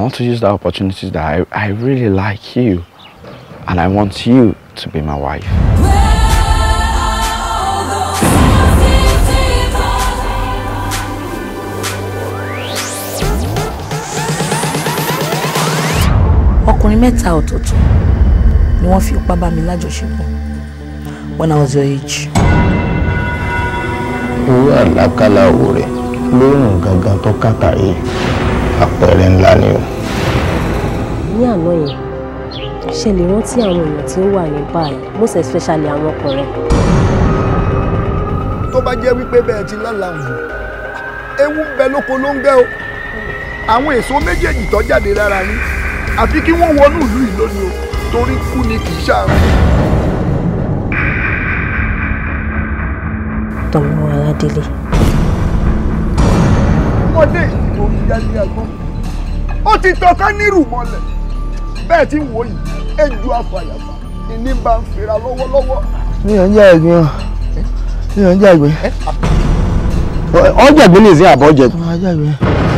I want to use that opportunity that I, I really like you and I want you to be my wife. ọkùnrin mẹ́ta ọ̀tọ̀ọ̀tọ̀ ni wọ́n fi ipá bá mi lájọṣepọ̀ when I was your age. irú àlákálà òwò rẹ̀ ló ń gangan tó kàtà yìí àpẹẹrẹ ńlá ni o. ní àná yẹn ṣe lè rántí àwọn èèyàn tí ó wà ní báyìí most especially àwọn ọkùnrin. tó bá jẹ́ wípé bẹ́ẹ̀ ti lálàmù ewu ń bẹ lóko ló ń gẹ́ o àwọn èso méjèèjì tó jáde lára yín àfi kí wọ́n wọnú ìlú yìí lónìí o torí kú ni kì í ṣàrùn. tọmọ aládélé. ọmọdé yìí ayé agbọ́n ó ti tọ́ká nírù mọ́lẹ̀ bẹ́ẹ̀ tí wò yìí ejò afàyàfà ìní bá ń fira lọ́wọ́lọ́wọ́. mi ò ń jẹ ẹ̀gbin o mi ò ń jẹ ẹ̀gbin. ọ̀jẹ̀gbin nìyí àbọ̀jẹ̀gbin. ọ̀jẹ̀gbin.